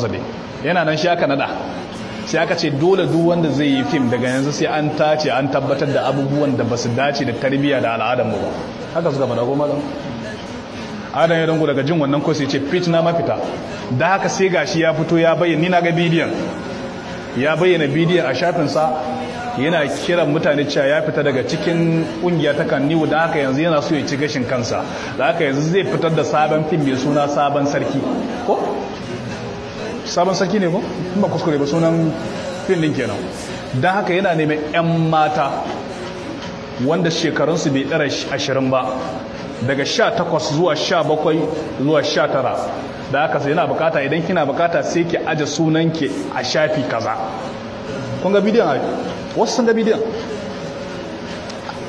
zabe yana nan shi aka nada sai aka ce dole duk wanda zai yi fim daga yanzu sai an tace an tabbatar da abubuwan da basu dace da tarbiyya da al'adar mu ba haka suka fada goma don adam ya dango daga jin wannan ko sai ce fit na mafita da haka sai gashi ya fito ya bayyana ni na ga bidiyon ya bayyana bidiyon a shafin sa yana kiran mutane cewa ya fita daga cikin kungiya ta kan niwu da haka yanzu yana so ya ci gashin kansa da haka yanzu zai fitar da sabon fim mai suna sabon sarki ko sabon sarki ne ko ba kuskure ba sunan fim din kenan don haka yana neman 'yan mata wanda shekarunsu bai ɗara ashirin ba daga sha takwas zuwa sha bakwai zuwa sha tara da haka sai yana bukata idan kina bukata sai ki aje ke a shafi kaza kun ga bidiyon ai wasu sun ga bidiyon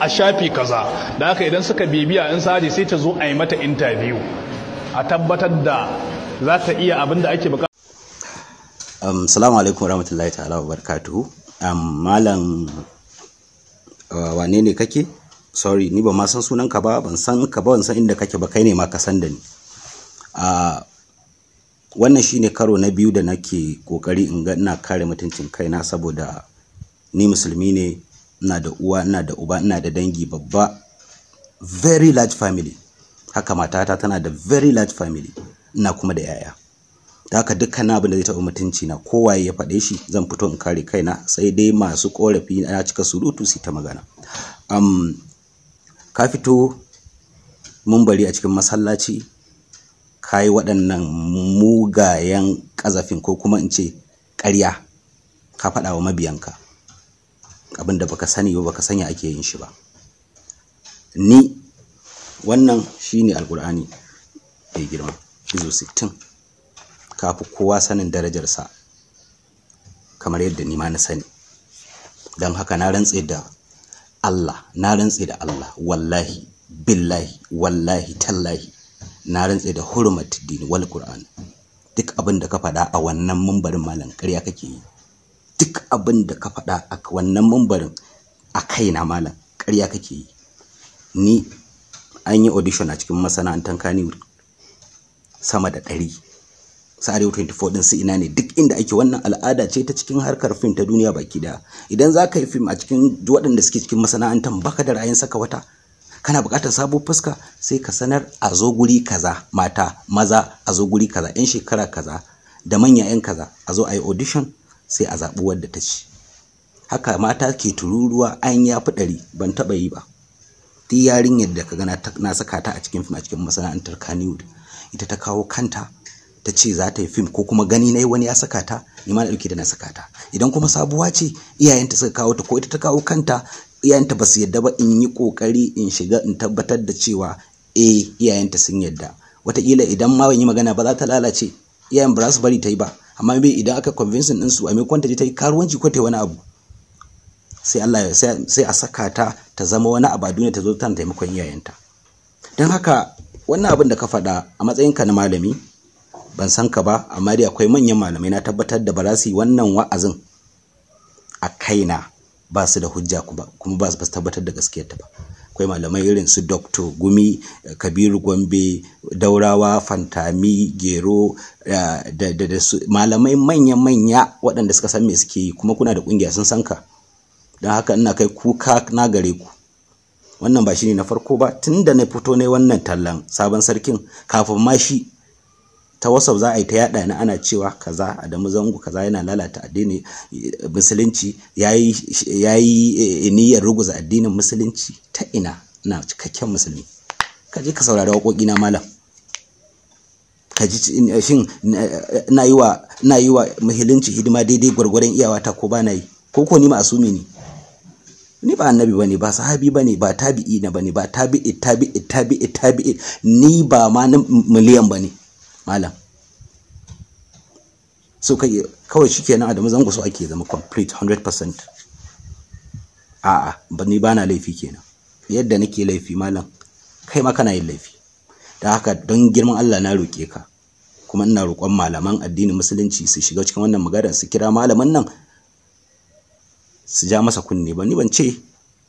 a shafi kaza da haka idan suka bibiya in saje sai ta zo a yi mata interview a tabbatar da za ta iya abin da ake bukata um, salamu alaikum warahmatullahi ta'ala wa barakatuhu um, malam uh, wane ne kake sorry ni ba ma san sunan ka ba ban san ka ba ban san inda kake ba kai ne ma ka san da ni uh, wannan shine karo na biyu da nake kokari in ga ina kare mutuncin kaina saboda ni musulmi ne ina da uwa ina da uba ina da dangi babba very large family haka matata tana da very large family ina kuma da yaya haka dukkan abin da zai taɓa mutunci na kowaye ya faɗe shi zan fito in kare kaina sai dai masu korafi na cika surutu su ta magana um, ka fito mun bari a cikin masallaci ka yi waɗannan mugayen ƙazafin ko kuma in ce ƙarya ka faɗa wa mabiyanka abin da baka sani ba baka sanya ake yin shi ba ni wannan shine alkur'ani mai girma izo 60 kafi kowa sanin darajarsa kamar yadda ni ma na sani don haka na rantse da Allah na rantse da Allah wallahi billahi wallahi tallahi na rantse da hurmat dini wal qur'an duk abin da ka faɗa a wannan mambarin malam ƙarya kake yi duk abin da ka faɗa a wannan mambarin a kaina malam ƙarya kake yi ni an yi audition a cikin masana'antar kaniwur sama da ɗari sarewa 24 din su ina ne duk inda ake wannan al'ada ce ta cikin harkar fim ta duniya baki daya idan za ka yi fim a cikin waɗanda suke cikin masana'antar baka da ra'ayin saka wata kana buƙatar sabo fuska sai ka sanar a zo guri kaza mata maza a zo guri kaza yan shekara kaza da manya yan kaza a zo a yi audition sai a zaɓi wadda ta ci haka mata ke tururuwa an ya fi ɗari ban taɓa yi ba ti yarinyar da ka gana na saka ta a cikin fim a cikin masana'antar kaniwood ita ta kawo kanta ta ce za ta yi fim ko kuma gani na wani ya saka ta ni ma na dauke da na saka ta idan kuma sabuwa ce iyayenta suka kawo ta ko ita ta kawo kanta iyayenta ba su yadda ba in yi kokari in shiga in tabbatar da cewa eh iyayenta sun yadda wataƙila idan ma ban yi magana ba za ta lalace iyayen ba za su bari ta yi ba amma bai idan aka convince din su a maimakon ta je ta yi karuwanci ko ta yi wani abu sai Allah ya sai a saka ta ta zama wani abu a duniya ta zo tana taimakon iyayenta don haka wannan abin da ka faɗa a matsayinka na malami ban san ka ba amma dai akwai manyan malamai na tabbatar da barasi wannan wa'azin a kaina ba su da hujja kuma ba su tabbatar da gaskiyarta ba akwai malamai irin su dr gumi kabiru gombe daurawa fantami gero eh, da da da su malamai manya-manya waɗanda suka san me suke yi kuma kuna da ƙungiya sun san ka don haka ina kai kuka na gare ku wannan ba shi ne na farko ba tun da na fito ne wannan tallan sabon sarkin kafin ma shi ta wasau za a yi ta yada ni ana cewa kaza adamu zango kaza yana lalata addini musulunci ya yi eh, niyyar ruguza addinin musulunci ta ina na cikakken musulmi ka je ka saurari waƙoƙi na malam ka ji eh, shin eh, na yi wa na yi wa muhilinci hidima daidai gwargwaron iyawata ko ba na yi ko ko ni ma asumi ne ni ba annabi bane ba sahabi bane ba tabi'i na bane ba tabi'i tabi'i tabi'i tabi'i ni ba ma miliyan bane malam so kai kawai shikenan Adamu zango so ake zama complete 100% a ba ni bana laifi kenan yadda nake laifi malam kai ma kana yin laifi da haka don girman Allah na roke ka kuma ina roƙon malaman addinin musulunci su shiga cikin wannan magana su kira malaman nan su ja masa kunne ba ni ban ce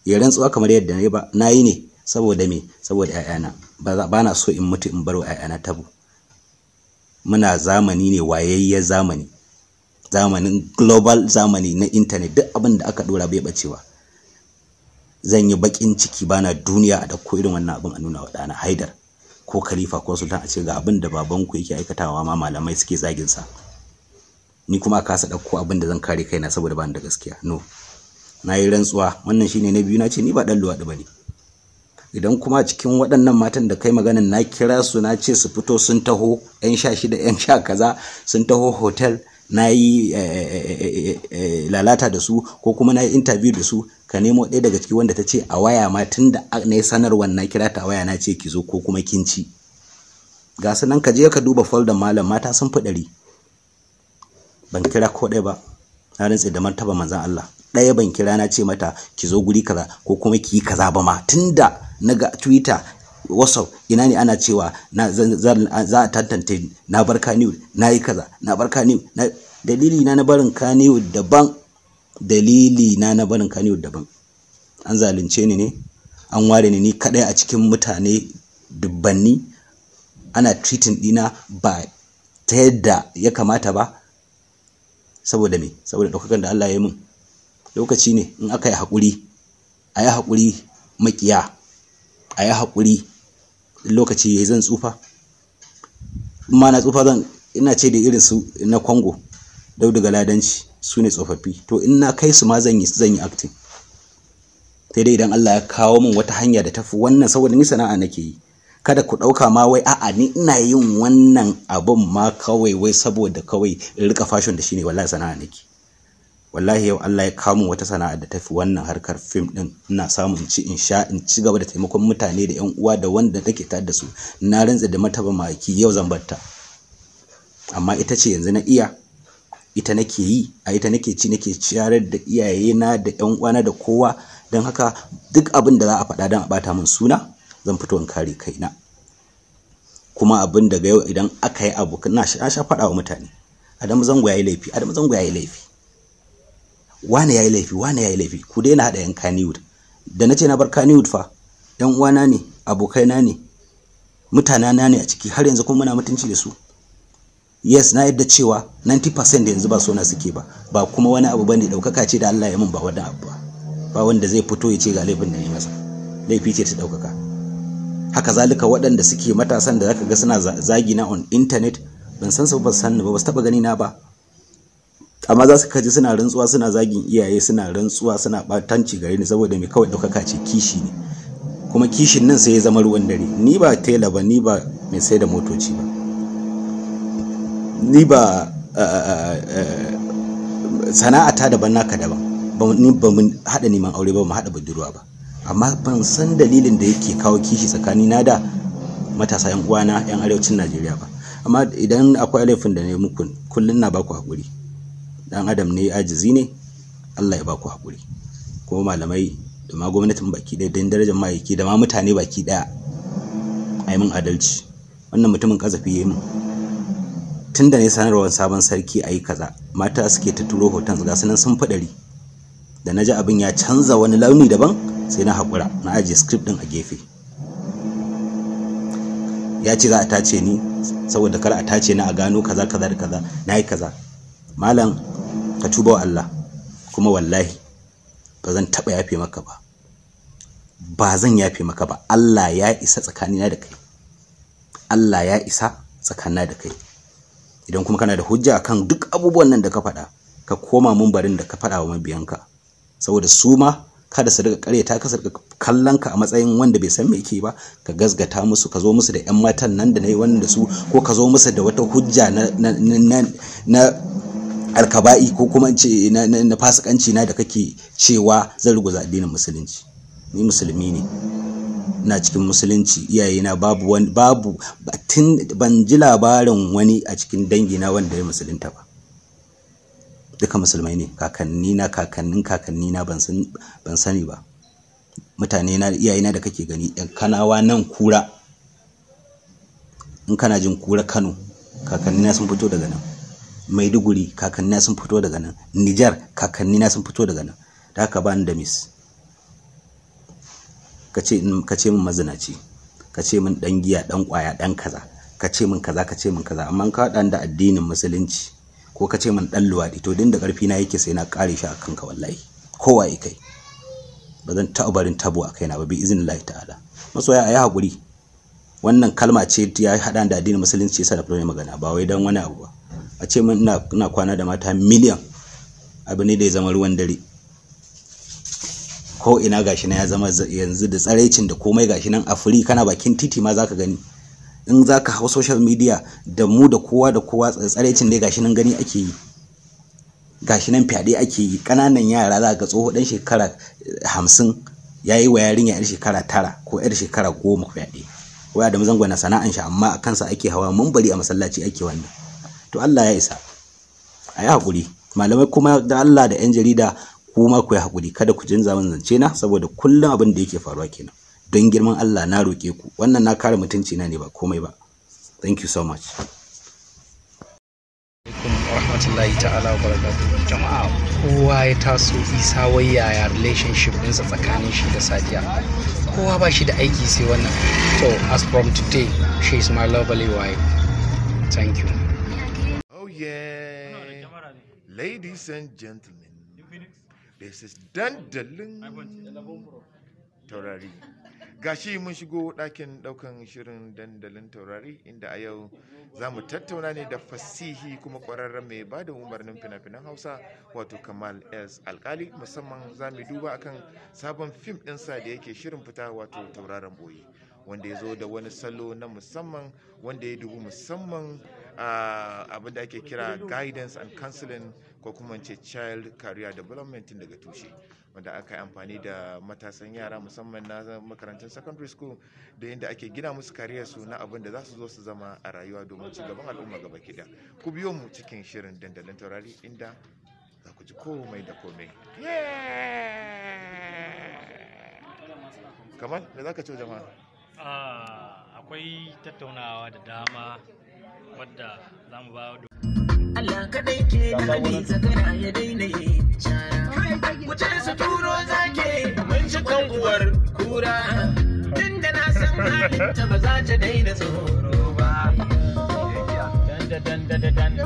ya rantsuwa kamar yadda na yi ba na ne saboda me saboda 'ya'yana ba na so in mutu in bar wa tabu tabo muna zamani ne wayayye zamani zamanin global zamani na intanet duk abin da aka dora bai bacewa zan yi bakin ciki bana duniya a dauko irin wannan abin a nuna wa dana haidar ko khalifa ko sultan a ce ga abin da babanku yake aikatawa ma malamai suke zagin sa ni kuma a kasa ɗauko abin da zan kare kaina saboda bani da gaskiya no na yi rantsuwa wannan shine na biyu na ce ni ba dan luwaɗi ba ne idan kuma cikin waɗannan matan da kai maganin na kira su na ce su fito sun taho 'yan sha shida 'yan sha kaza sun taho hotel na yi eh, eh, eh, lalata da su ko kuma na yi interview da su ka nemo ɗaya daga ciki wanda ta ce a waya ma tun da na yi sanarwar na kira ta waya na ce ki zo ko kuma kin ci ga nan ka je ka duba folder malam mata sun fi ɗari ban kira ko ɗaya ba na rantse da martaba manzan Allah ɗaya ban kira na ce mata ki zo guri kaza ko kuma ki yi kaza ba ma tunda na ga twitter whatsapp ina ne ana cewa na za a tantance na bar kaniwood na yi kaza na bar kaniwood dalili na na barin kaniwood daban dalili na na barin kaniwood daban an zalunce ni ne an ware ni ni kadai a cikin mutane dubbanni ana treating dina ba ta yadda ya kamata ba saboda me saboda dokokin da Allah ya yi mun lokaci ne in aka yi haƙuri a yi haƙuri makiya a yi haƙuri lokaci ya zan tsufa ma na tsufa zan ina ce da irin su na kwango daudu ladanci su ne tsofaffi to in na kai su ma zan yi zan yi dai idan Allah ya kawo min wata hanya da tafi wannan saboda ni sana'a nake yi kada ku ɗauka ma wai a'a ni ina yin wannan abun ma kawai wai saboda kawai in rika fashon da shine wallahi sana'a nake wallahi yau Allah ya kamo wata sana'a da tafi wannan harkar fim din ina samun ci in sha in ci gaba da taimakon mutane da yan uwa da wanda take tare da su na rantsa da mataba maki yau zan batta amma ita ce yanzu na iya ita nake yi a ita nake ci nake ciyar da iyayena da yan na da kowa don haka duk abin da za a faɗa dan a bata min suna zan fito in kare kaina kuma abin daga yau idan aka yi abu na sha faɗa wa mutane adam zango ya laifi adam zango ya laifi wane yayi laifi wane yayi laifi ku daina haɗa yan kaniwood da na ce na bar kaniwood fa yan uwana ne abokaina ne mutanana ne a ciki har yanzu kuma muna mutunci da su yes na yadda cewa 90% da yanzu ba sona suke ba ba kuma wani abu bane daukaka ce da Allah ya mun ba wani abu ba ba wanda zai fito ya ce ga laifin da ya masa laifi ce ta daukaka haka zalika waɗanda suke matasan da zaka ga suna zagina on internet ban san su ba san ba ba su taba gani na ba amma za su kaji suna rantsuwa suna zagin iyaye suna rantsuwa suna batanci gare ni saboda mai kawai ɗaukaka ce kishi ne kuma kishin nan sai ya zama ruwan dare ni ba tela ba ni ba mai sai da motoci ba ni ba sana'ata daban naka daban ba mu haɗa neman aure ba mu haɗa budurwa ba amma ban san dalilin da yake kawo kishi tsakani na da matasa 'yan uwana 'yan arewacin najeriya ba amma idan akwai laifin da ne muku kullum na baku hakuri dan adam ne ajizi ne Allah ya baku hakuri kuma malamai da ma gwamnatin baki ɗaya don darajar ma'aiki da ma mutane baki ɗaya a yi adalci wannan mutumin kazafi ya yi min tun da ne sanarwar sabon sarki a kaza mata suke ta turo hoton ga sunan sun faɗari da na ji abin ya canza wani launi daban sai na haƙura na ajiye script ɗin a gefe ya ce za a tace ni saboda kar a tace ni a gano kaza kaza kaza na yi kaza malam ka tuba wa Allah kuma wallahi ba zan taɓa yafe maka ba ba zan yafe maka ba Allah ya isa tsakanina da kai Allah ya isa tsakanina da kai idan kuma kana da hujja kan duk abubuwan nan da ka faɗa ka koma mun barin da ka faɗa wa mabiyanka saboda su ma kada su riga karyata ka sarka kallon ka a matsayin wanda bai san me yake ba ka gasgata musu ka zo musu da yan matan nan da nayi wannan da su ko ka zo musu da wata hujja na na na alkaba'i ko kuma ce na fasikanci na da kake cewa zan ruguza addinin musulunci ni musulmi ne na cikin musulunci iyayena babu wani babu tun ban ji labarin wani a cikin dangi na wanda ya musulunta ba duka musulmai ne kakanni na kakannin kakanni na ban sani ba mutane na iyayena da kake gani yan kanawa nan kura in kana jin kura kano kakanni na sun fito daga nan maiduguri kakanni sun fito daga nan nijar kakanni sun fito daga nan da haka ba da mis ka ce min mazinaci ka ce min dan giya dan kwaya dan kaza ka ce min kaza ka ce kaza amma ka dan da addinin musulunci ko ka ce dan luwaɗi to din da ƙarfi na yake sai na kare shi a kanka wallahi kowa ya kai ba zan taɓa barin tabo a kaina ba bi izinin lahi ta'ala masoya a yi haƙuri wannan kalma ce ya haɗa da addinin musulunci yasa da fulani magana ba wai dan wani abu ba a ce min ina kwana da mata miliyan abu ne da ya zama ruwan dare ko ina gashi na ya zama yanzu da tsaraicin da komai gashi nan a firi kana bakin titi ma zaka gani in zaka hau social media da mu da kowa da kowa tsaraicin da gashi nan gani ake yi gashi nan fyaɗe ake yi ƙananan yara za ga tsoho ɗan shekara hamsin ya yi wa yarinya yar shekara tara ko yar shekara goma fyaɗe waya da mazangwana sana'an shi amma a kansa ake hawa mun bari a masallaci ake wannan to Allah ya isa a yi haƙuri malamai kuma da Allah da 'yan jarida kuma ku yi haƙuri kada ku jin min zance na saboda kullum abin da yake faruwa kenan don girman Allah na roƙe ku wannan na kare mutunci na ne ba komai ba thank you so much rahmatullahi ta'ala wa jama'a kowa ya taso isa wai yaya relationship ɗinsa tsakanin shi da sadiya kowa ba shi da aiki sai wannan to as from today she is my lovely wife thank you Ladies and gentlemen, this is dandalin taurari. Gashi mun shigo ɗakin ɗaukan shirin dandalin taurari inda a yau za mu tattauna ne da fasihi kuma ƙwararren mai ba da umarnin fina-finan Hausa wato Kamal S. Alkali musamman za mu duba akan sabon fim ɗinsa da yake shirin fita wato tauraron boye. wanda ya zo da wani salo na musamman wanda ya dubu musamman abin da ake kira guidance and counseling ko kuma ce child career development daga tushe wanda aka yi amfani da matasan yara musamman na makarantar secondary school da yadda ake gina musu kariyar su na abin da za su zo su zama a rayuwa domin ci gaban al'umma gaba kida ku biyo mu cikin shirin dandalin taurari inda za ku ji komai da komai kamar da za ka ce jama'a ah, akwai tattaunawa da dama wadda za mu ba Allah kaɗai ke da hali ya daina yi cara. Wuce su turo zake mun ci kan kura. Tun da na san halinta ba za ta daina tsoro ba. Danda da dan.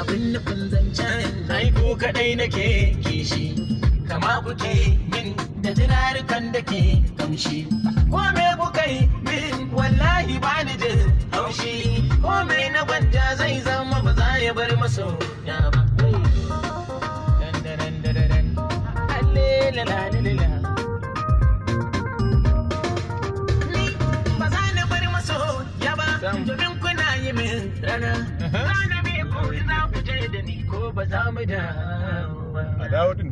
Abin nufin zancen. Aiko kaɗai nake kishi. kama kuke min da turarukan da ke kamshi ko kuka yi min wallahi ba ni jin haushi ko na gwanja zai zama ba za ya bar maso ya ba kuna yi min rana, uh-huh. ko za ku je da ni ko ba za mu dawo ba. A dawo din